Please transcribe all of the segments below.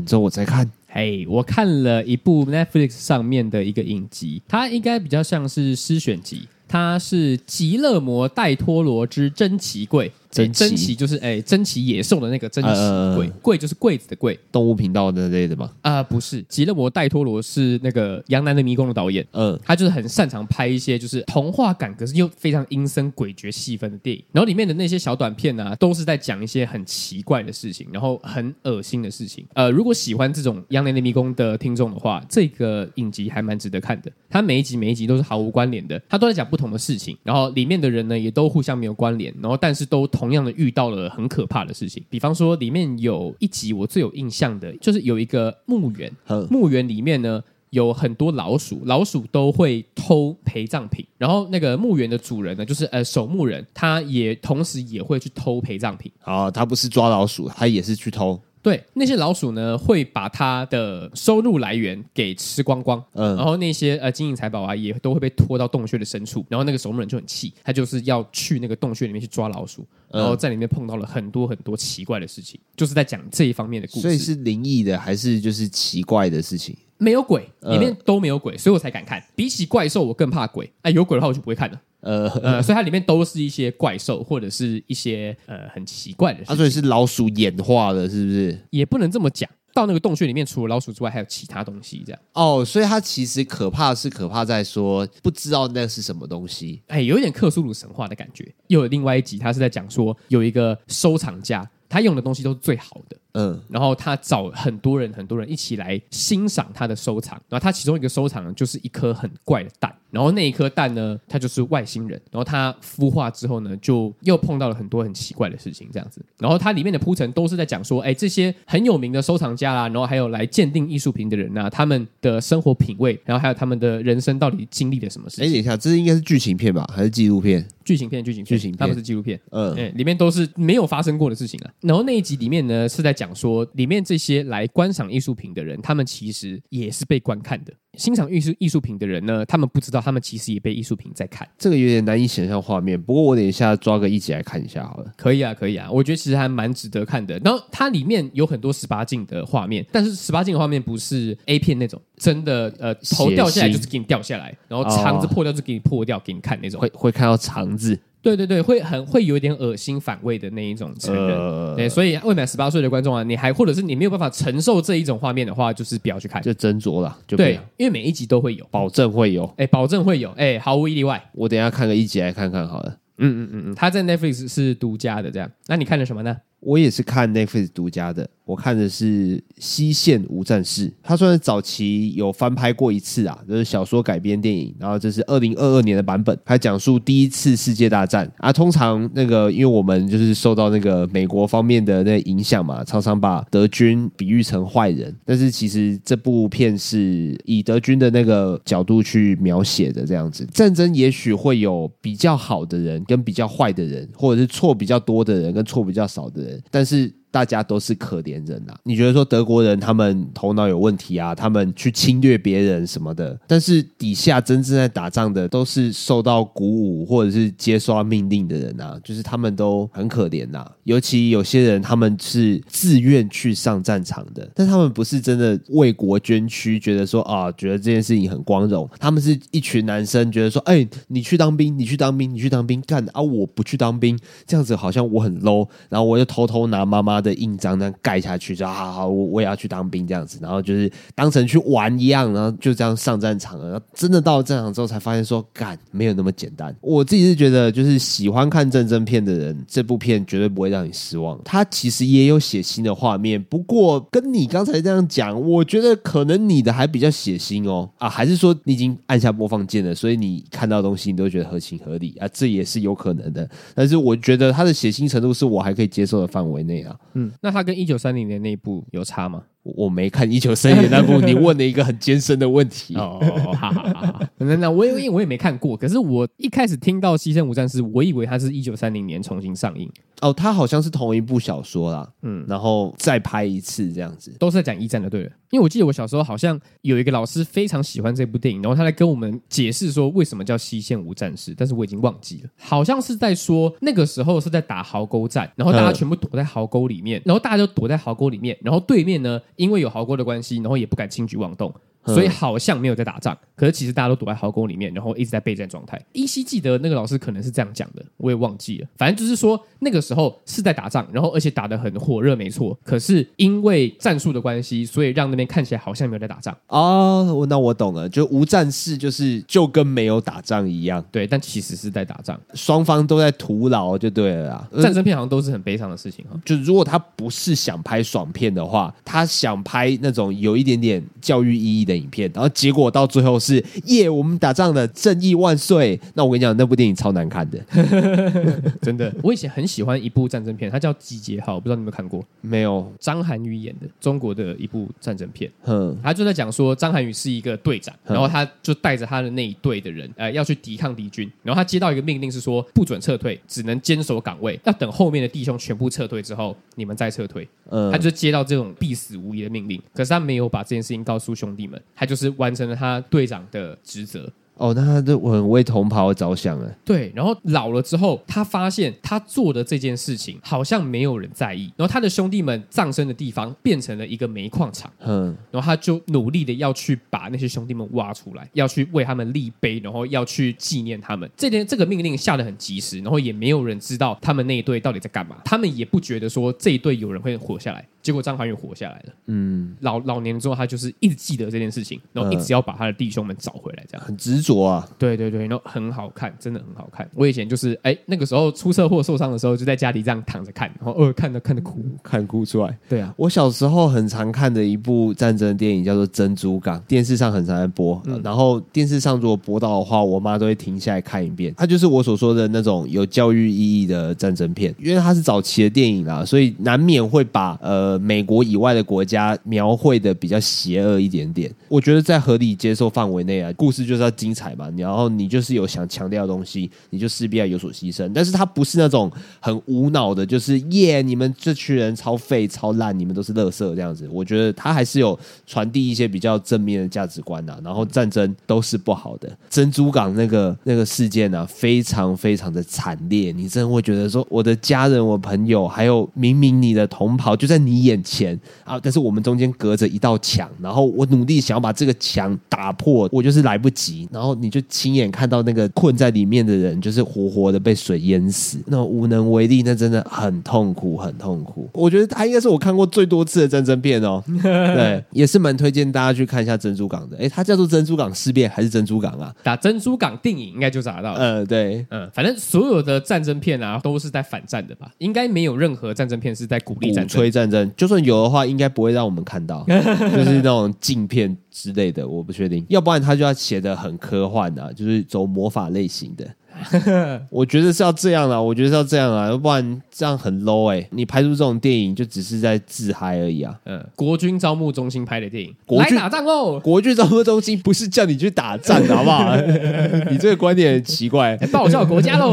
之後我再看。嘿，hey，我看了一部 Netflix 上面的一個影集，它應該比較像是詩選集。它是《吉勒摩戴托羅之珍奇櫃》。欸、珍，奇珍奇就是哎、欸，珍奇野獸的那個珍奇，櫃、呃、櫃就是櫃子的櫃。動物頻道的類的嗎？啊、呃，不是，吉勒摩·戴托羅是那個《羊男的迷宮》的導演。嗯、呃，他就是很擅長拍一些就是童話感，可是又非常陰森詭譎氣氛的電影。然後裡面的那些小短片呢、啊，都是在講一些很奇怪的事情，然後很惡心的事情。呃，如果喜歡這種《羊男的迷宮》的聽眾的話，這個影集還蠻值得看的。他每一集每一集都是毫無關聯的，他都在講不同的事情，然後裡面的人呢也都互相沒有關聯，然後但是都。同樣的遇到了很可怕的事情，比方說裡面有一集我最有印象的，就是有一個墓園，呃，墓園裡面呢有很多老鼠，老鼠都會偷陪葬品，然後那個墓園的主人呢，就是呃守墓人，他也同時也會去偷陪葬品，啊，他不是抓老鼠，他也是去偷。對，那些老鼠呢，會把他的收入來源給吃光光，嗯，然後那些呃金銀財寶啊，也都會被拖到洞穴的深處。然後那個守墓人就很氣，他就是要去那個洞穴裡面去抓老鼠，嗯，然後在裡面碰到了很多很多奇怪的事情，就是在講這一方面的故事。所以是靈異的，還是就是奇怪的事情？沒有鬼，裡面都沒有鬼，所以我才敢看。比起怪獸，我更怕鬼。哎，有鬼的話我就不會看了。呃 呃，所以它裡面都是一些怪獸，或者是一些呃很奇怪的事情、啊。所以是老鼠演化的是不是？也不能這麼講。到那個洞穴裡面，除了老鼠之外，還有其他東西。這樣哦，所以它其實可怕是可怕在說不知道那是什麼東西。哎，有一點克蘇魯神話的感覺。又有另外一集，他是在講說有一個收藏家，他用的東西都是最好的。嗯，然後他找很多人，很多人一起來欣賞他的收藏。然後他其中一個收藏就是一顆很怪的蛋。然後那一顆蛋呢，它就是外星人。然後它孵化之後呢，就又碰到了很多很奇怪的事情，這樣子。然後它裡面的鋪陳都是在講說，哎，這些很有名的收藏家啦，然後還有來鑑定藝術品的人吶、啊，他們的生活品味，然後還有他們的人生到底經歷了什麼事情？哎，等一下，這應該是劇情片吧，還是紀錄片？劇情片，劇情片，他們是紀錄片。嗯，哎，裡面都是沒有發生過的事情啊。然後那一集裡面呢，是在講說，裡面這些來觀賞藝術品的人，他們其實也是被觀看的，欣賞藝術藝術品的人呢，他們不知道。他們其實也被藝術品在看，這個有點難以想象畫面。不過我等一下抓個一集來看一下好了。可以啊，可以啊，我覺得其實還蠻值得看的。然後它裡面有很多十八禁的畫面，但是十八禁的畫面不是 A 片那種，真的，呃，頭掉下來就是給你掉下來，然後腸子破掉就給你破掉給你看那種，會會看到腸子。對對對，會很會有一點噁心反胃的那一種成人、呃，對，所以未滿十八歲的觀眾啊，你還或者是你沒有辦法承受這一種畫面的話，就是不要去看，就斟酌了，就不要，因為每一集都會有，保證會有，哎，保證會有，哎，毫無例外。我等一下看個一集來看看好了，嗯嗯嗯嗯，他在 Netflix 是獨家的這樣，那你看了什麼呢？我也是看 Netflix 獨家的。我看的是《西線無戰事》，它雖然早期有翻拍過一次啊，就是小說改編電影，然後這是二零二二年的版本，它講述第一次世界大戰啊。通常那個，因為我們就是受到那個美國方面的那影響嘛，常常把德軍比喻成壞人，但是其實這部片是以德軍的那個角度去描寫的，這樣子戰爭也許會有比較好的人跟比較壞的人，或者是錯比較多的人跟錯比較少的人，但是。大家都是可憐人吶、啊！你覺得說德國人他們頭腦有問題啊？他們去侵略別人什麼的？但是底下真正在打仗的都是受到鼓舞或者是接受命令的人啊，就是他們都很可憐吶、啊。尤其有些人他們是自願去上戰場的，但他們不是真的為國捐軀，覺得說啊，覺得這件事情很光榮。他們是一群男生，覺得說，哎、欸，你去當兵，你去當兵，你去當兵幹啊！我不去當兵，這樣子好像我很 low，然後我就偷偷拿媽媽的。的印章那樣蓋下去，就好好，我我也要去當兵這樣子，然後就是當成去玩一樣，然後就這樣上戰場了。然後真的到了戰場之後，才發現說幹沒有那麼簡單。我自己是覺得，就是喜歡看戰爭片的人，這部片絕對不會讓你失望。他其實也有血腥的畫面，不過跟你剛才這樣講，我覺得可能你的還比較血腥哦，啊，還是說你已經按下播放鍵了，所以你看到東西你都覺得合情合理啊，這也是有可能的。但是我覺得他的血腥程度是我還可以接受的範圍內啊。嗯，那它跟一九三零年那一部有差嗎？我沒看《一九三》那部， 你問了一個很艱深的問題。那、哦、那哈哈哈哈我因為我也沒看過，可是我一開始聽到《西線無戰事》，我以為它是一九三零年重新上映。哦，它好像是同一部小說啦。嗯，然後再拍一次這樣子，都是在講一戰的，對。因為我記得我小時候好像有一個老師非常喜歡這部電影，然後他來跟我們解釋說為什麼叫《西線無戰事》，但是我已經忘記了，好像是在說那個時候是在打壕溝戰，然後大家全部躲在壕溝裡面、嗯，然後大家就躲在壕溝裡面，然後對面呢。因為有豪哥的關係，然後也不敢輕舉妄動。所以好像沒有在打仗，嗯、可是其實大家都躲在壕溝裡面，然後一直在備戰狀態。依稀記得那個老師可能是這樣講的，我也忘記了。反正就是說那個時候是在打仗，然後而且打得很火熱，沒錯。可是因為戰術的關係，所以讓那邊看起來好像沒有在打仗。哦，那我懂了，就無戰事就是就跟沒有打仗一樣。對，但其實是在打仗，雙方都在徒勞，就對了啦、嗯。戰爭片好像都是很悲傷的事情，就是如果他不是想拍爽片的話，他想拍那種有一點點教育意義的。影片，然後結果到最後是耶，yeah, 我們打仗了正義萬歲。那我跟你講，那部電影超難看的， 真的。我以前很喜歡一部戰爭片，它叫《集結號》，不知道你有沒有看過？沒有。張涵予演的中國的一部戰爭片，嗯，他就在講說，張涵予是一個隊長，然後他就帶着他的那一隊的人，哎、呃，要去抵抗敵軍。然後他接到一個命令是說，不准撤退，只能堅守崗位，要等後面的弟兄全部撤退之後，你們再撤退。嗯，他就接到這種必死無疑的命令，可是他沒有把這件事情告訴兄弟們。他就是完成了他隊長的職責哦，那他就很為同袍着想啊。對，然後老了之後，他發現他做的這件事情好像沒有人在意，然後他的兄弟們葬身的地方變成了一個煤礦場。嗯，然後他就努力的要去把那些兄弟們挖出來，要去為他們立碑，然後要去紀念他們。這件這個命令下得很及時，然後也沒有人知道他們那一隊到底在幹嘛，他們也不覺得說，這一隊有人會活下來。結果張涵予活下來了。嗯，老老年之後，他就是一直記得這件事情，然後一直要把他的弟兄們找回來，這樣很執着啊。對對對，然後很好看，真的很好看。我以前就是哎，那個時候出車禍受傷的時候，就在家裡這樣躺着看，然後呃，看着看著哭，看哭出來。對啊，我小時候很常看的一部戰爭電影叫做《珍珠港》，電視上很常在播。然後電視上如果播到的話，我媽都會停下來看一遍。它就是我所說的那種有教育意義的戰爭片，因為它是早期的電影啦，所以難免會把呃。美國以外的國家描繪的比較邪惡一點點，我覺得在合理接受範圍內啊，故事就是要精彩嘛。然後你就是有想強調的東西，你就勢必要有所犧牲。但是它不是那種很無腦的，就是耶、yeah，你們這群人超廢超爛，你們都是垃圾這樣子。我覺得它還是有傳遞一些比較正面的價值觀啊，然後戰爭都是不好的。珍珠港那個那個事件啊，非常非常的慘烈，你真的會覺得說，我的家人、我朋友，還有明明你的同袍，就在你。眼前啊，但是我們中間隔着一道牆，然後我努力想要把這個牆打破，我就是來不及，然後你就親眼看到那個困在裡面的人，就是活活的被水淹死，那無能為力，那真的很痛苦，很痛苦。我覺得他應該是我看過最多次的戰爭片哦。 對，也是蠻推薦大家去看一下《珍珠港》的。哎，他叫做《珍珠港事變》還是《珍珠港》啊？打《珍珠港》電影應該就找得到。嗯、呃，對，嗯、呃，反正所有的戰爭片啊，都是在反戰的吧？應該沒有任何戰爭片是在鼓勵戰爭、鼓吹戰爭。就算有的話，應該不會讓我們看到， 就是那種鏡片之類的，我不確定。要不然他就要寫的很科幻啊，就是走魔法類型的。 我覺得是要這樣啊，我覺得是要這樣啊，要不然這樣很 low 哎、欸！你拍出這種電影，就只是在自嗨而已啊。嗯，國軍招募中心拍的電影，國軍來打仗嘍！國軍招募中心不是叫你去打仗好不好？ 你這個觀點很奇怪，報效國家嘍！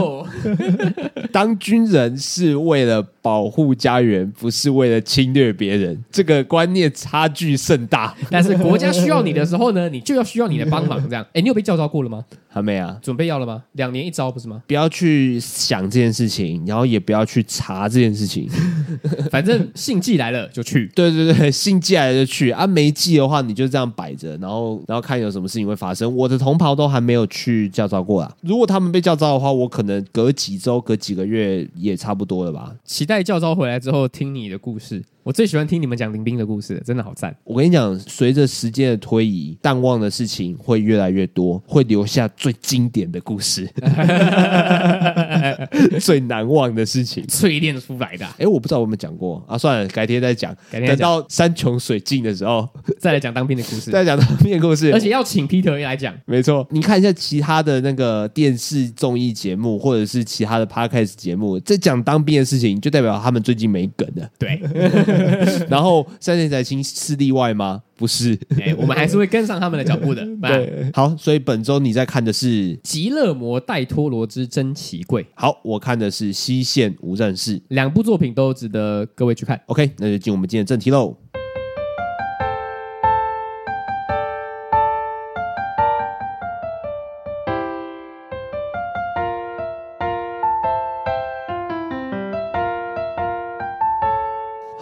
當軍人是為了。保護家園，不是為了侵略別人，這個觀念差距甚大。但是國家需要你的時候呢，你就要需要你的幫忙。這樣，哎、欸，你有被教召過了嗎？還沒啊，準備要了嗎？兩年一召不是嗎？不要去想這件事情，然後也不要去查這件事情。反正信寄來了就去。 對對對，信寄來了就去。啊，沒寄的話你就這樣擺着，然後然後看有什麼事情會發生。我的同袍都還沒有去教召過啊，如果他們被教召的話，我可能隔幾周、隔幾個月也差不多了吧？期待。帶教招回來之後，聽你的故事。我最喜歡聽你們講林兵的故事，真的好讚！我跟你講，隨着時間的推移，淡忘的事情會越來越多，會留下最經典的故事， 最難忘的事情，淬鍊出來的。哎，我不知道我們講過啊，算了，改天再講。改天再講。等到山窮水盡的時候，再來講當兵的故事。 再來講當兵的故事，而且要請 Peter 一來講。沒錯，你看一下其他的那個電視綜藝節目，或者是其他的 Podcast 節目，在講當兵的事情，就代表他們最近沒梗了。對。 然後三線仔星是例外嗎？不是、欸，我們還是會跟上他們的腳步的 對。好，所以本周你在看的是《吉勒摩戴托羅之珍奇櫃》，好，我看的是《西線無戰事》，兩部，部作品都值得各位去看。OK，那就進我們今天的正題嘍。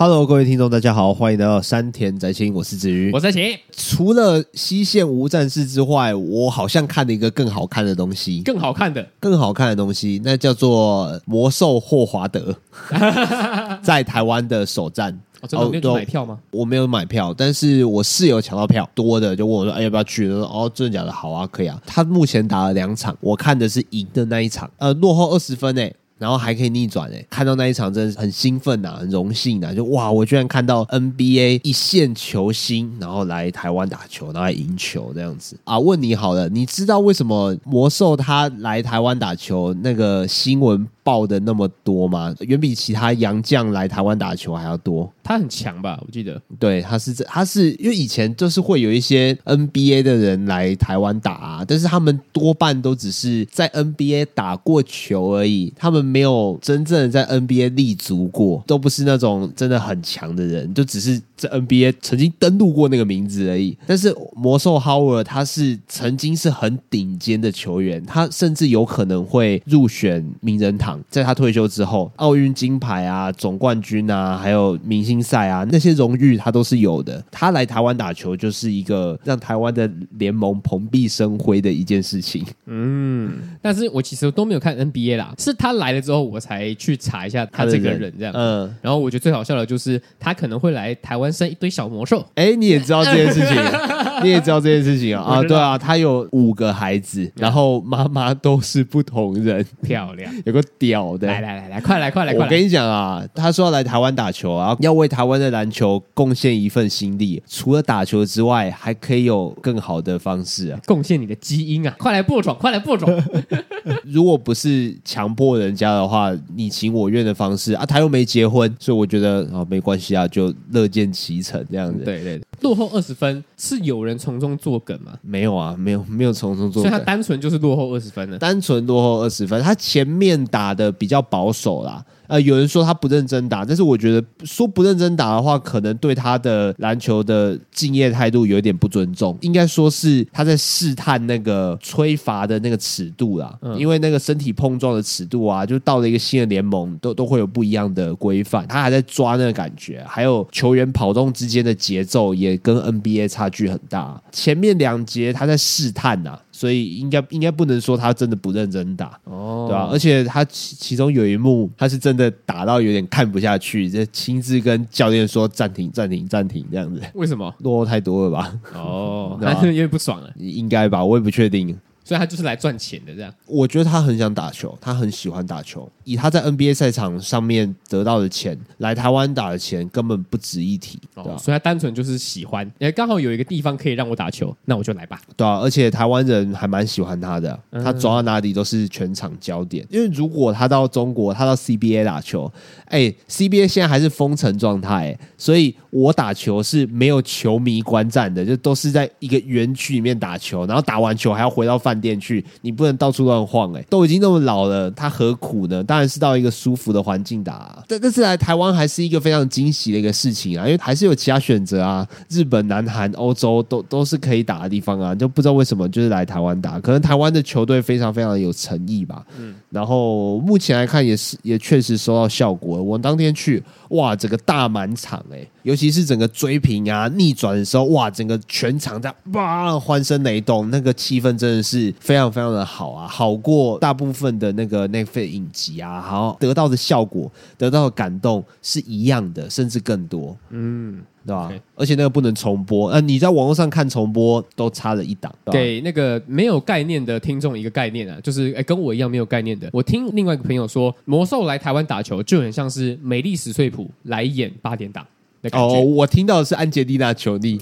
Hello，各位聽眾，大家好，歡迎來到山田宅青，我是子瑜，我是晴。除了西線無戰事之外，我好像看了一個更好看的東西，更好看的，更好看的東西，那叫做魔獸霍華德 在台灣的首戰。哦，你、哦、有買票嗎？我沒有買票，但是我室友搶到票多的就問我說：“哎，要不要去？”然後說，哦，真的假的？好啊，可以啊。”他目前打了兩場，我看的是贏的那一場，呃，落後二十分誒。然後還可以逆轉誒，看到那一場真的是很興奮吶、啊，很榮幸吶、啊，就哇，我居然看到 NBA 一線球星然後來台灣打球，然後來贏球這樣子啊！問你好了，你知道為什麼魔獸他來台灣打球那個新聞？報的那麼多嗎？遠比其他洋將來台灣打球還要多。他很強吧？我記得，對，他是這，他是因為以前就是會有一些 NBA 的人來台灣打，啊，但是他們多半都只是在 NBA 打過球而已，他們沒有真正在 NBA 立足過，都不是那種真的很強的人，就只是在 NBA 曾經登陸過那個名字而已。但是魔獸 Howard 他是曾經是很頂尖的球員，他甚至有可能會入選名人堂。在他退休之後，奧運金牌啊、總冠軍啊，還有明星賽啊，那些榮譽他都是有的。他來台灣打球就是一個讓台灣的聯盟蓬蓽生輝的一件事情。嗯，但是我其實都沒有看 NBA 啦，是他來了之後我才去查一下他這個人，人、嗯、這樣。嗯，然後我覺得最好笑的就是他可能會來台灣生一堆小魔獸。哎、欸，你也知道這件事情，嗯、你也知道這件事情、喔、 啊？啊，對啊，他有五個孩子，然後媽媽都是不同人，漂亮， 有個。屌的！來來來來，快來快來！我跟你講啊，他說要來台灣打球啊，要為台灣的籃球貢獻一份心力。除了打球之外，還可以有更好的方式啊！貢獻你的基因啊！快來播種，快來播種！ 如果不是強迫人家的話，你情我願的方式啊，他又沒結婚，所以我覺得啊、哦，沒關係啊，就樂見其成這樣子。嗯、對對對。落後二十分是有人從中作梗嗎？沒有啊，沒有，沒有從中作梗。所以他單純就是落後二十分的，單純落後二十分，他前面打的比較保守啦。呃，有人說他不認真打，但是我覺得說不認真打的話，可能對他的籃球的敬業態度有點不尊重。應該說是他在試探那個吹罰的那個尺度啦、嗯，因為那個身體碰撞的尺度啊，就到了一個新的聯盟都都會有不一樣的規範。他還在抓那個感覺，還有球員跑動之間的節奏也。跟 NBA 差距很大，前面兩節他在試探吶、啊，所以應該應該不能說他真的不認真打，哦，對吧？而且他其其中有一幕，他是真的打到有點看不下去，就親自跟教練說暫停、暫停、暫停這樣子。為什麼落後太多了吧？哦，他有點不爽啊，應該吧？我也不確定。所以他就是來賺錢的，這樣。我覺得他很想打球，他很喜歡打球。以他在 NBA 賽場上面得到的錢，來台灣打的錢根本不值一提對，啊、哦。所以他單純就是喜歡，也、欸、剛好有一個地方可以讓我打球，那我就來吧。對啊，而且台灣人還蠻喜歡他的，他走到哪裡都是全場焦點。嗯、因為如果他到中國，他到 CBA 打球，哎、欸，CBA 現在還是封城狀態、欸，所以我打球是沒有球迷觀戰的，就都是在一個園區裡面打球，然後打完球還要回到飯。飯店去，你不能到處亂晃欸，都已經那麼老了，他何苦呢？當然是到一個舒服的環境打啊。這這次來台灣還是一個非常驚喜的一個事情啊，因為還是有其他選擇啊，日本、南韓、歐洲都都是可以打的地方啊，就不知道為什麼就是來台灣打，可能台灣的球隊非常非常有誠意吧。嗯，然後目前來看也是也確實收到效果了。我當天去，哇，整個大滿場欸，尤其是整個追平啊、逆轉的時候，哇，整個全場在哇，歡聲雷動，那個氣氛真的是。非常非常的好啊，好過大部分的那個 Netflix 影集啊。好，得到的效果，得到的感動是一樣的，甚至更多，嗯，對吧？Okay. 而且那個不能重播，呃，你在網絡上看重播都差了一檔。對給那個沒有概念的聽眾一個概念啊，就是哎，跟我一樣沒有概念的，我聽另外一個朋友說，魔獸來台灣打球就很像是梅莉史翠普來演八點檔。哦，oh, 我聽到的是安潔莉娜裘莉，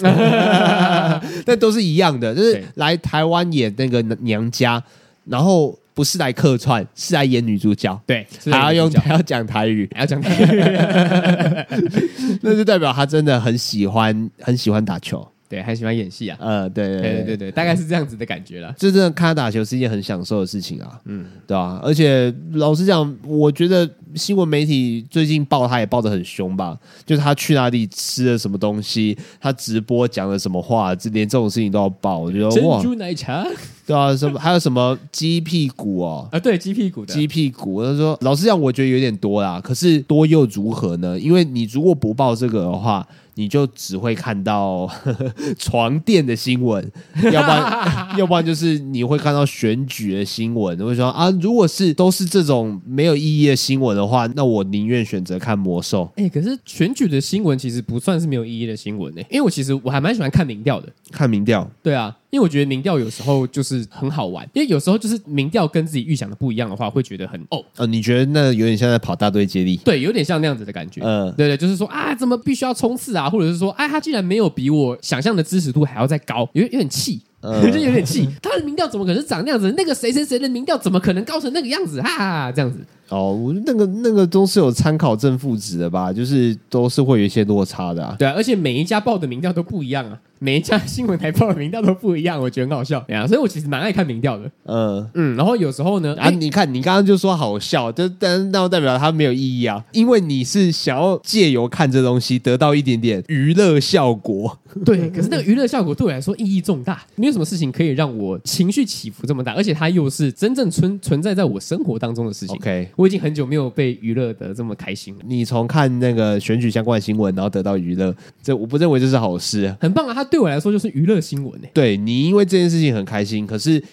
那都是一樣的，就是來台灣演那個娘家，然後不是來客串，是來演女主角，對，是還要用還要講台語，還要講台語， 那就代表她真的很喜歡，很喜歡打球。對，還喜歡演戲啊？嗯、呃，對,對,對,對，對，對，對，對，大概是這樣子的感覺了。就真的看他打球是一件很享受的事情啊。嗯，對吧、啊？而且老實講，我覺得新聞媒體最近報他也報的很凶吧？就是他去哪裡吃了什麼東西，他直播講了什麼話，連這種事情都要報。我覺得珍珠奶茶。對啊，什麼還有什麼雞屁股哦？啊，對，雞屁，屁股，雞屁股。他說，老實講，我覺得有點多啦。可是多又如何呢？因為你如果不報這個的話，你就只會看到呵呵床墊的新聞，要不然， 要不然就是你會看到選舉的新聞。我會說啊，如果是都是這種沒有意義的新聞的話，那我寧願選擇看魔獸。哎、欸，可是選舉的新聞其實不算是沒有意義的新聞呢、欸，因為我其實我還蠻喜歡看民調的，看民調。對啊。因為我覺得民調有時候就是很好玩，因為有時候就是民調跟自己預想的不一樣的話，會覺得很哦，呃、哦，你覺得那有點像在跑大隊接力，對，有點像那樣子的感覺，嗯，對對，就是說啊，怎麼必須要衝刺啊，或者是說，啊，他竟然沒有比我想象的支持度還要再高，有有點氣，嗯、 就有點氣，他的民調怎麼可能是長那樣子？那個誰誰誰的民調怎麼可能高成那個樣子？哈哈，這樣子。哦、oh，那個那個都是有參考正負值的吧？就是都是會有一些落差的，啊。對、啊，而且每一家報的民調都不一樣啊，每一家新聞台報的民調都不一樣，我覺得很好笑。對、嗯、啊，所以我其實蠻愛看民調的。嗯嗯，然後有時候呢，啊，欸、你看你剛剛就說好笑，就但那又代表它沒有意義啊？因為你是想要借由看這東西得到一點點娛樂效果。對，可是那個娛樂效果對我來說意義重大。沒有什麼事情可以讓我情緒起伏這麼大，而且它又是真正存存在，在在我生活當中的事情。OK。我已經很久沒有被娛樂得這麼開心了。你從看那個選舉相關的新聞，然後得到娛樂，這我不認為這是好事。很棒啊，他對我來說就是娛樂新聞呢、欸。對，你因為這件事情很開心，可是。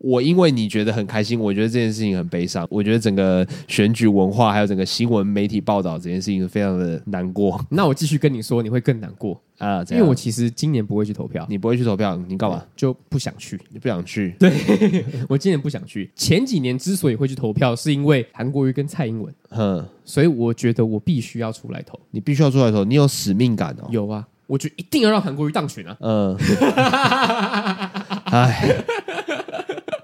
我因為你覺得很開心，我覺得這件事情很悲傷，我覺得整個選舉文化還有整個新聞媒體報道這件事情非常的難過。那我繼續跟你說，你會更難過啊，這樣，因為我其實今年不會去投票。你不會去投票，你幹嘛？就不想去，你不想去。對，我今年不想去。前幾年之所以會去投票，是因為韓國瑜跟蔡英文。嗯，所以我覺得我必須要出來投，你必須要出來投，你有使命感哦。有啊，我就一定要讓韓國瑜當選啊。嗯，哎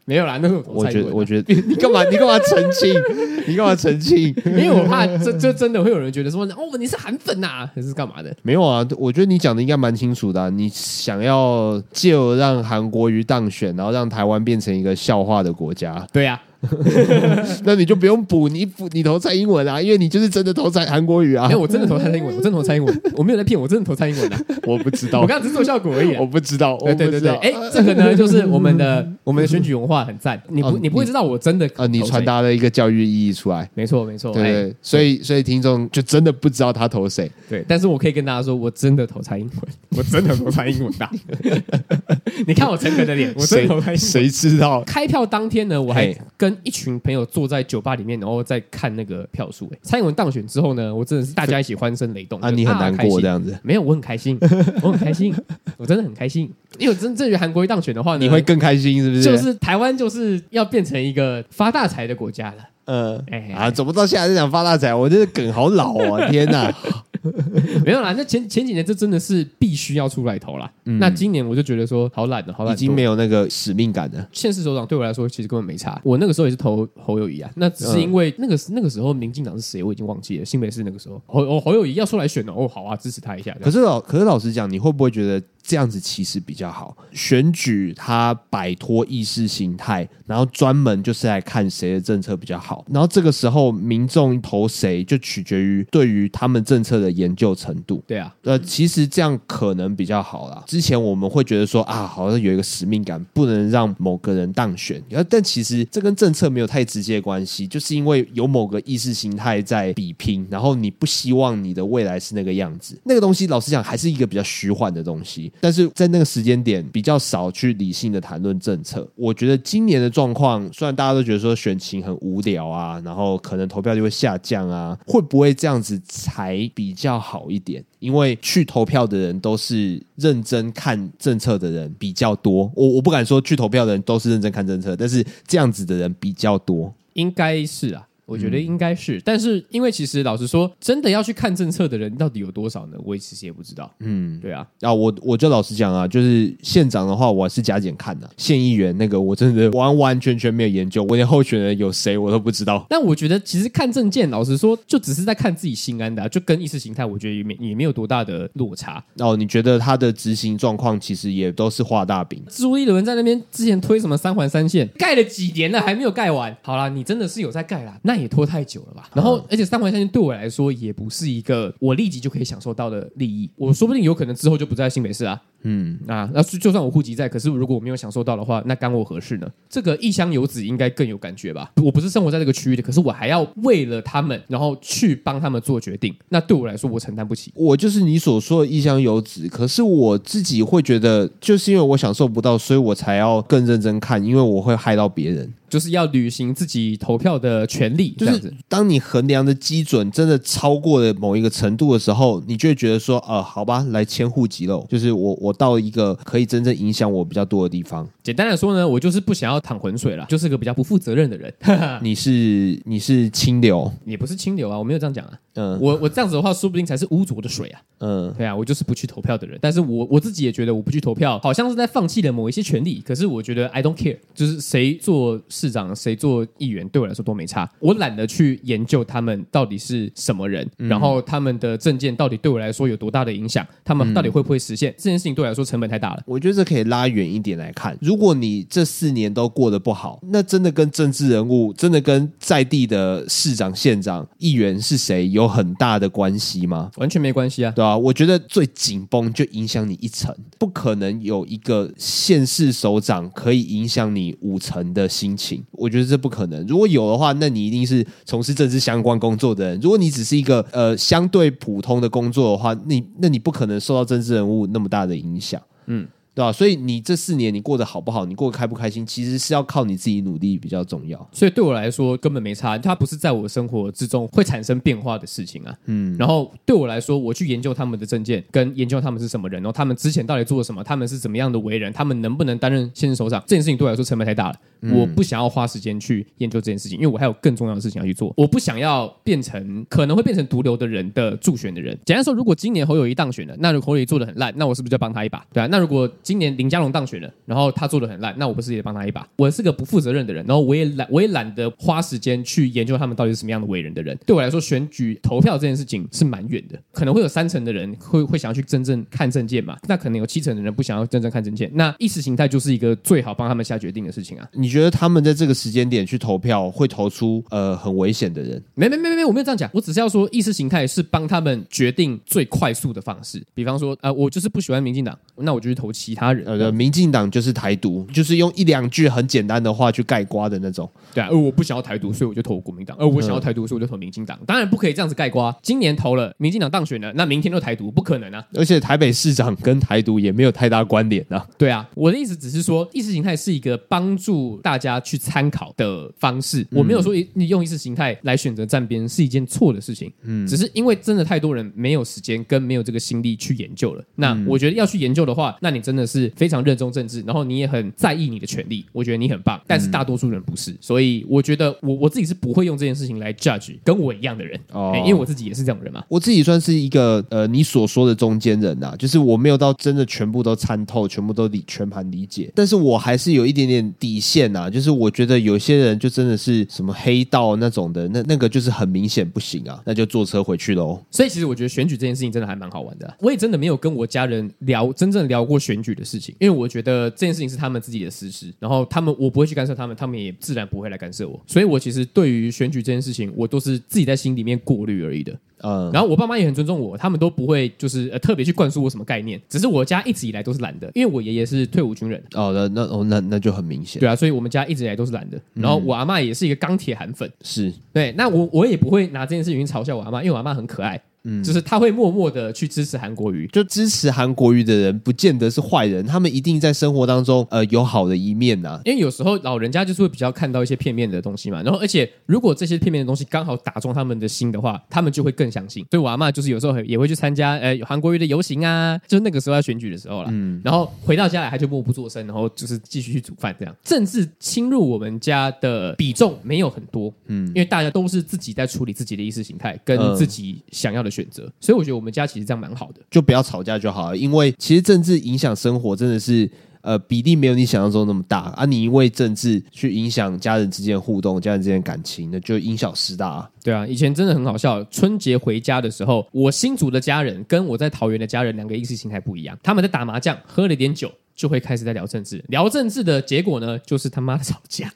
沒有啦，那個、啦我覺得，我覺得你幹嘛？你幹嘛澄清？ 你幹嘛澄清？因 為我怕，真真真的會有人覺得說，哦，你是韓粉吶、啊，還是幹嘛的？沒有啊，我覺得你講的應該蠻清楚的、啊。你想要借由讓韓國瑜當選，然後讓台灣變成一個笑話的國家。對呀、啊。 那你就不用補，你補你投蔡英文啊，因為你就是真的投蔡韓國瑜啊。哎，我真的投蔡英文，我真的投蔡英文，我沒有人在騙，我真的投蔡英文的、啊。 我不知道，我剛，剛只是做效果而已、啊我。我不知道，對對對，對，哎，這個呢，就是我們的我們的選舉文化很讚。你不你，你不會知道我真的啊、呃，你傳達了一個教育意義出來。沒錯沒錯，對，對、欸，所以所以聽眾就真的不知道他投誰。對，但是我可以跟大家說，我真的投蔡英文，我真的投蔡英文的、啊。 你看我誠懇的臉，我的投誰誰知道？開票當天呢，我還更跟一群朋友坐在酒吧裡面，然後再看那個票數。蔡英文當選之後呢，我真的是大家一起歡聲雷動。啊，你很難過、啊、這樣子？沒有，我很開心， 我很開心，我真的很開心。因為真正，正於韓國瑜當選的話你會更開心是不是？就是台灣就是要變成一個發大財的國家了。嗯，哎哎哎哎啊，怎麼到現在這樣發大財？我真的梗好老啊！天啊！ 沒有啦，那前前幾年這真的是必須要出來投啦。嗯、那今年我就覺得說好懶、啊，好懶的，好懶，已經沒有那個使命感了。縣市首長對我來說其實根本沒差，我那個時候也是投侯友宜啊。那是因為那個、嗯那個、那個時候民進黨是誰我已經忘記了，新北市那個時候。侯、哦、侯友宜要出來選哦，哦，好啊，支持他一下。可是老可是老實講，你會不會覺得？這樣子其實比較好，選舉他擺脫意識形態，然後專門就是來看誰的政策比較好。然後這個時候民眾投誰，就取決於對於他們政策的研究程度。對啊，呃，其實這樣可能比較好啦。之前我們會覺得說啊，好像有一個使命感，不能讓某個人當選。然後，但其實這跟政策沒有太直接關係，就是因為有某個意識形態在比拼，然後你不希望你的未來是那個樣子。那個東西，老實講，還是一個比較虛幻的東西。但是在那個時間點，比較少去理性的談論政策。我覺得今年的狀況，雖然大家都覺得說選情很無聊啊，然後可能投票就會下降啊，會不會這樣子才比較好一點？因為去投票的人都是認真看政策的人比較多。我我不敢說去投票的人都是認真看政策，但是這樣子的人比較多，應該是啊。我覺得應該是、嗯，但是因為其實老實說，真的要去看政策的人到底有多少呢？我其實也不知道。嗯，對啊，啊，我我就老實講啊，就是縣長的話我還是加減看的、啊，縣議員那個我真的完完全全沒有研究，我連候選人有誰我都不知道。但我覺得其實看政見，老實說，就只是在看自己心安的、啊，就跟意識形態，我覺得也沒也沒有多大的落差。哦、啊，你覺得他的執行狀況其實也都是畫大餅。朱立倫在那邊之前推什麼三環三線，蓋了幾年了還沒有蓋完？好啦，你真的是有在蓋啦？那也拖太久了吧，嗯、然後，而且三環三線對我來說也不是一個我立即就可以享受到的利益，我說不定有可能之後就不在新北市啊。嗯啊，那就算我戶籍在，可是如果我沒有享受到的話，那干我何事呢？這個異鄉遊子應該更有感覺吧？我不是生活在這個區域的，可是我還要為了他們，然後去幫他們做決定，那對我來說，我承擔不起。我就是你所說的異鄉遊子，可是我自己會覺得，就是因為我享受不到，所以我才要更認真看，因為我會害到別人，就是要履行自己投票的權利。就是、這樣子，當你衡量的基準真的超過了某一個程度的時候，你就會覺得說呃、啊，好吧，來遷戶籍了。就是我我。到一個可以真正影響我比較多的地方。簡單的說呢，我就是不想要淌渾水了，就是個比較不負責任的人。 你是你是清流，你不是清流啊，我沒有這樣講啊。嗯，我我這樣子的話，說不定才是污濁的水啊。嗯，對啊，我就是不去投票的人。但是我我自己也覺得，我不去投票，好像是在放棄了某一些權利。可是我覺得，I don't care，就是誰做市長，誰做議員，對我來說都沒差。我懶得去研究他們到底是什麼人，嗯、然後他們的政見到底對我來說有多大的影響，他們到底會不會實現、嗯、這件事情，對我來說成本太大了。我覺得這可以拉遠一點來看，如果你這四年都過得不好，那真的跟政治人物，真的跟在地的市長、縣長、議員是誰有很大的關係嗎？完全沒關係啊，對啊，我覺得最緊繃就影響你一成，不可能有一個縣市首長可以影響你五成的心情。我覺得這不可能。如果有的話，那你一定是從事政治相關工作的人。如果你只是一個呃相對普通的工作的話，那你那你不可能受到政治人物那麼大的影響。嗯。對吧、啊？所以你這四年你過得好不好，你過得開不開心，其實是要靠你自己努力比較重要。所以對我來說根本沒差，它不是在我生活之中會產生變化的事情啊。嗯。然後對我來說，我去研究他們的政見跟研究他們是什麼人，然後他們之前到底做了什麼，他們是怎麼樣的為人，他們能不能擔任現任首長，這件事情對我來說成本太大了、嗯。我不想要花時間去研究這件事情，因為我還有更重要的事情要去做。我不想要變成可能會變成毒瘤的人的助選的人。簡單說，如果今年侯友宜當選了，那如果侯友宜做得很爛，那我是不是就幫他一把？對啊。那如果今年林佳龍當選了，然後他做得很爛，那我不是也幫他一把？我是個不負責任的人，然後我也懶，我也懶得花時間去研究他們到底是什麼樣的為人的人。對我來說，選舉投票這件事情是蠻遠的，可能會有三成的人會會想要去真正看政見嘛，那可能有七成的人不想要真正看政見。那意識形態就是一個最好幫他們下決定的事情啊。你覺得他們在這個時間點去投票會投出呃很危險的人？沒沒沒沒沒，我沒有這樣講，我只是要說意識形態是幫他們決定最快速的方式。比方說，呃，我就是不喜歡民進黨，那我就去投七。他的呃，民進黨就是台獨，就是用一兩句很簡單的話去概括的那種，對啊。而我不想要台獨，所以我就投我國民黨；而我想要台獨，所以我就投民進黨。嗯、當然不可以這樣子概括，今年投了民進黨當選了，那明天就台獨，不可能啊！而且台北市長跟台獨也沒有太大關聯啊。對啊，我的意思只是說，意識形態是一個幫助大家去參考的方式。嗯、我沒有說你用意識形態來選擇站邊是一件錯的事情。嗯，只是因為真的太多人沒有時間跟沒有這個心力去研究了。嗯、那我覺得要去研究的話，那你真的。是非常認真政治，然後你也很在意你的權利，我覺得你很棒。但是大多數人不是，嗯、所以我覺得我我自己是不會用這件事情來 judge 跟我一樣的人哦，因為我自己也是這樣的人嘛。我自己算是一個呃，你所說的中間人吶、啊，就是我沒有到真的全部都參透，全部都理，全盤理解，但是我還是有一點點底線吶、啊。就是我覺得有些人就真的是什麼黑道那種的，那那個就是很明顯不行啊，那就坐車回去嘍。所以其實我覺得選舉這件事情真的還蠻好玩的、啊，我也真的沒有跟我家人聊，真正聊過選舉的事情，因為我覺得這件事情是他們自己的私事，然後他們我不會去干涉他們，他們也自然不會來干涉我，所以我其實對於選舉這件事情，我都是自己在心裡面過濾而已的。嗯，然後我爸媽也很尊重我，他們都不會就是、呃、特別去灌輸我什麼概念，只是我家一直以來都是藍的，因為我爺爺是退伍軍人哦，那那哦那那就很明顯，對啊，所以我們家一直以來都是藍的，然後我阿媽也是一個鋼鐵韓粉，是、嗯、對，那我我也不會拿這件事情嘲笑我阿媽，因為我阿媽很可愛。嗯，就是他會默默的去支持韓國瑜，就支持韓國瑜的人不見得是壞人，他們一定在生活當中呃有好的一面吶、啊。因為有時候老人家就是會比較看到一些片面的東西嘛，然後而且如果這些片面的東西剛好打中他們的心的話，他們就會更相信。所以我阿嬤就是有時候也會去參加呃韓國瑜的遊行啊，就是那個時候要選舉的時候啦。嗯，然後回到家來，還就默不作聲，然後就是繼續去煮飯這樣。政治侵入我們家的比重沒有很多，嗯，因為大家都是自己在處理自己的意識形態跟自己想要的選、嗯。選擇，所以我覺得我們家其實這樣蠻好的，就不要吵架就好了。因為其實政治影響生活真的是，呃，比例沒有你想象中那麼大啊。你因為政治去影響家人之間互動、家人之間感情，那就因小失大啊。對啊，以前真的很好笑，春節回家的時候，我新竹的家人跟我在桃園的家人兩個意識形態不一樣，他們在打麻將，喝了點酒。就會開始在聊政治，聊政治的結果呢，就是他媽的吵架，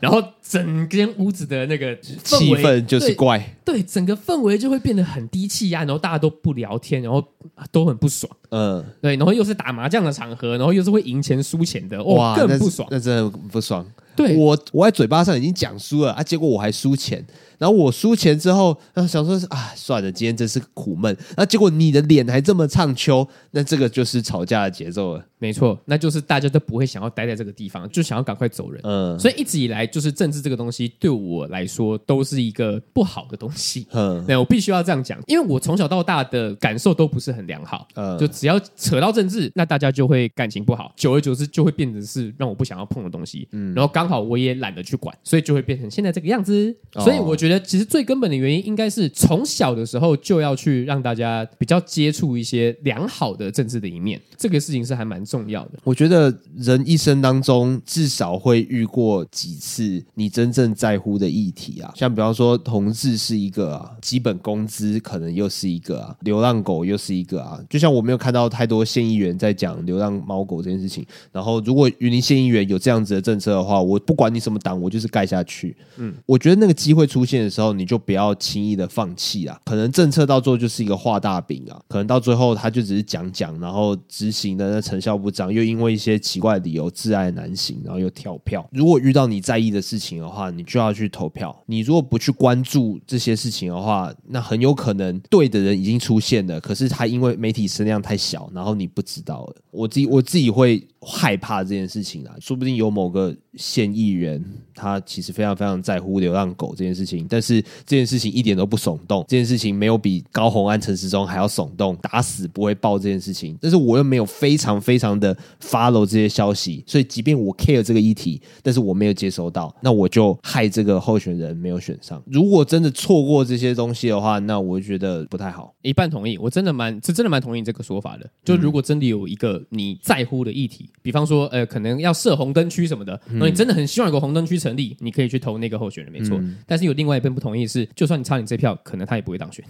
然後整間屋子的那個氣氛就是怪。對，對，整個氛圍就會變得很低氣壓，啊，然後大家都不聊天，然後都很不爽，嗯、呃，對，然後又是打麻將的場合，然後又是會贏錢輸錢的，哦、哇，更不爽，那，那真的很不爽，對，我我在嘴巴上已經講輸了啊，結果我還輸錢。然後我輸錢之後，那想說啊，算了，今天真是苦悶。那結果你的臉還這麼唱秋，那這個就是吵架的節奏了，沒錯，那就是大家都不會想要待在這個地方，就想要趕快走人。嗯，所以一直以來就是政治這個東西對我來說都是一個不好的東西。嗯，那我必須要這樣講，因為我從小到大的感受都不是很良好。嗯，就只要扯到政治，那大家就會感情不好，久而久之就會變成是讓我不想要碰的東西。嗯，然後剛好我也懶得去管，所以就會變成現在這個樣子。哦，所以我我覺得其實最根本的原因應該是從小的時候，就要去讓大家比較接觸一些良好的政治的一面，這個事情是還蠻重要的。我覺得人一生當中至少會遇過幾次你真正在乎的議題啊，像比方說同志是一個啊，基本工資可能又是一個啊，流浪狗又是一個啊。就像我沒有看到太多縣議員在講流浪貓狗這件事情，然後如果雲林縣議員有這樣子的政策的話，我不管你什麼黨，我就是蓋下去。嗯，我覺得那個機會出現的時候，你就不要輕易的放棄啊！可能政策到最後，就是一個畫大餅啊，可能到最後他就只是講講，然後執行的那成效不彰，又因為一些奇怪的理由，窒礙難行，然後又跳票。如果遇到你在意的事情的話，你就要去投票。你如果不去關注這些事情的話，那很有可能對的人已經出現了，可是他因為媒體聲量太小，然後你不知道了。我自己我自己會害怕這件事情啊，說不定有某個。現役人他其實非常非常在乎流浪狗這件事情，但是這件事情一點都不聳動，這件事情沒有比高虹安、陳時中還要聳動，打死不會報這件事情。但是我又沒有非常非常的 follow 這些消息，所以即便我 care 這個議題，但是我沒有接收到，那我就害這個候選人沒有選上。如果真的錯過這些東西的話，那我就覺得不太好。一半同意，我真的蠻是真的蠻同意你這個說法的。就如果真的有一個你在乎的議題，比方說呃可能要設紅燈區什麼的。嗯你真的很希望有個紅燈區成立，你可以去投那個候選人，沒錯、嗯。但是有另外一邊不同意是，就算你差你這票，可能他也不會當選。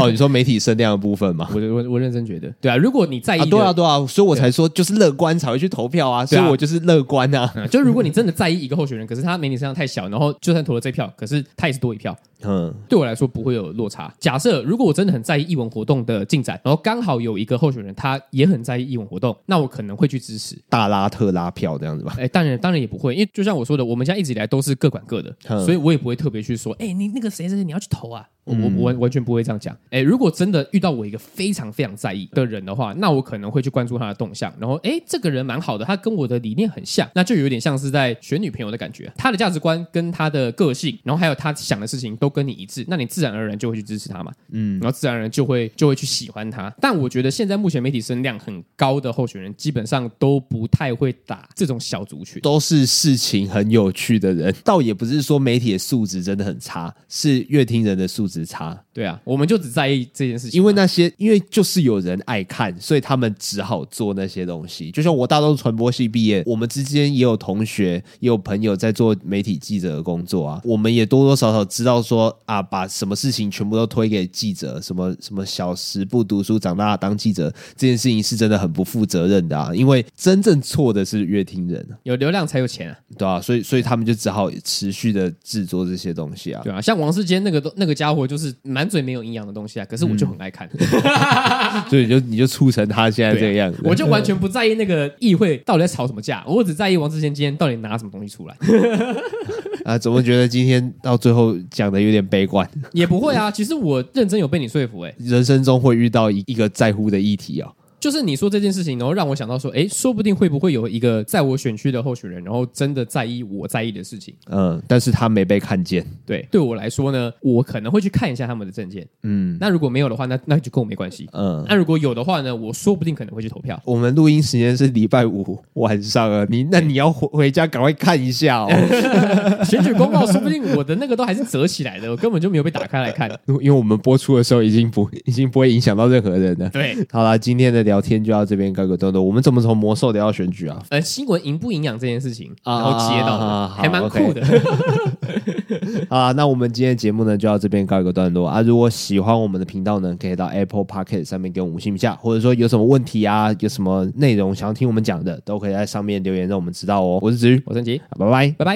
哦，你說媒體聲量的部分嗎？我我我認真覺得，對啊，如果你在意、啊，對啊對啊，所以我才說就是樂觀才會去投票啊，啊所以我就是樂觀啊，啊。就如果你真的在意一個候選人，可是他媒體聲量太小，然後就算投了這票，可是他也是多一票，嗯，對我來說不會有落差。假設如果我真的很在意藝文活動的進展，然後剛好有一個候選人他也很在意藝文活動，那我可能會去支持大拉特拉票這樣子吧。哎、欸，當然當然也不。不會，因為就像我說的，我們家一直以來都是各管各的，所以我也不會特別去說，哎、欸，你那個誰誰誰你要去投啊。我我完完全不會這樣講，哎、欸，如果真的遇到我一個非常非常在意的人的話，那我可能會去關注他的動向，然後哎、欸，這個人蠻好的，他跟我的理念很像，那就有點像是在選女朋友的感覺，他的價值觀跟他的個性，然後還有他想的事情都跟你一致，那你自然而然就會去支持他嘛，嗯，然後自然而然就會就會去喜歡他。但我覺得現在目前媒體聲量很高的候選人，基本上都不太會打這種小族群，都是事情很有趣的人，倒也不是說媒體的素質真的很差，是閱聽人的素質。時差對啊，我們就只在意這件事情，因為那些因為就是有人愛看，所以他們只好做那些東西。就像我，大多數傳播系畢業，我們之間也有同學，也有朋友在做媒體記者的工作啊。我們也多多少少知道說啊，把什麼事情全部都推給記者，什麼什麼小時不讀書，長大當記者這件事情是真的很不負責任的啊。因為真正錯的是閱聽人，有流量才有錢啊，對啊。所以所以他們就只好持續的製作這些東西啊，對啊，像王世堅那個那個傢伙，就是滿嘴沒有營養的東西啊，可是我就很愛看，嗯、 所以就你就促成他現在這樣、啊。我就完全不在意那個議會到底在吵什麼架，我只在意王志賢今天到底拿什麼東西出來 啊？怎麼覺得今天到最後講的有點悲觀？也不會啊，其實我認真有被你說服、欸、人生中會遇到一一個在乎的議題啊、哦。就是你說這件事情，然後讓我想到說，哎，說不定會不會有一個在我選區的候選人，然後真的在意我在意的事情。嗯，但是他沒被看見。對，對我來說呢，我可能會去看一下他們的政見。嗯，那如果沒有的話，那那就跟我沒關係。嗯，那如果有的話呢，我說不定可能會去投票。我們錄音時間是禮拜五晚上啊，你那你要回回家趕快看一下哦。 選舉公報，說不定我的那個都還是折起來的，我根本就沒有被打開來看。因為我們播出的時候已經不已經不會影響到任何人了。對，好啦，今天的聊。聊天就到這邊告一個段落，我們怎麼從魔獸聊到選舉啊？呃，新聞營不營養這件事情，啊、然後接到、啊，還蠻酷的。好 okay、 啊，那我們今天節目呢就到這邊告一個段落啊！如果喜歡我們的頻道呢，可以到 Apple Podcast 上面給我們五星評價，或者說有什麼問題啊，有什麼內容想要聽我們講的，都可以在上面留言讓我們知道哦。我是子瑜，我是級，拜拜，拜拜。